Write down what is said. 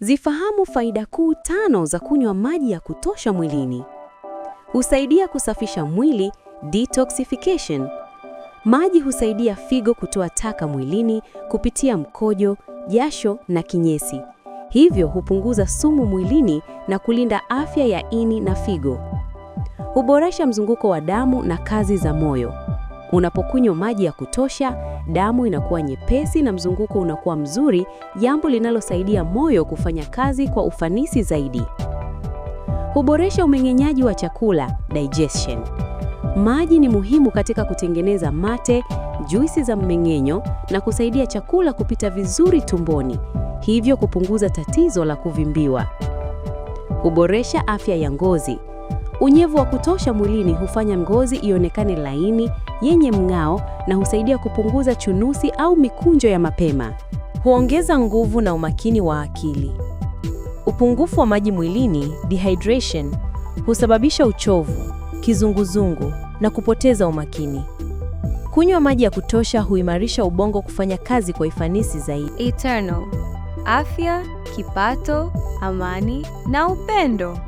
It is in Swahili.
Zifahamu faida kuu tano za kunywa maji ya kutosha mwilini. Husaidia kusafisha mwili, detoxification. Maji husaidia figo kutoa taka mwilini kupitia mkojo, jasho na kinyesi. Hivyo hupunguza sumu mwilini na kulinda afya ya ini na figo. Huboresha mzunguko wa damu na kazi za moyo. Unapokunywa maji ya kutosha, damu inakuwa nyepesi na mzunguko unakuwa mzuri, jambo linalosaidia moyo kufanya kazi kwa ufanisi zaidi. Huboresha umeng'enyaji wa chakula, digestion. Maji ni muhimu katika kutengeneza mate, juisi za mmeng'enyo na kusaidia chakula kupita vizuri tumboni, hivyo kupunguza tatizo la kuvimbiwa. Huboresha afya ya ngozi. Unyevu wa kutosha mwilini hufanya ngozi ionekane laini, yenye mng'ao na husaidia kupunguza chunusi au mikunjo ya mapema. Huongeza nguvu na umakini wa akili. Upungufu wa maji mwilini, dehydration, husababisha uchovu, kizunguzungu na kupoteza umakini. Kunywa maji ya kutosha huimarisha ubongo kufanya kazi kwa ufanisi zaidi. Eternal. Afya, kipato, amani na upendo.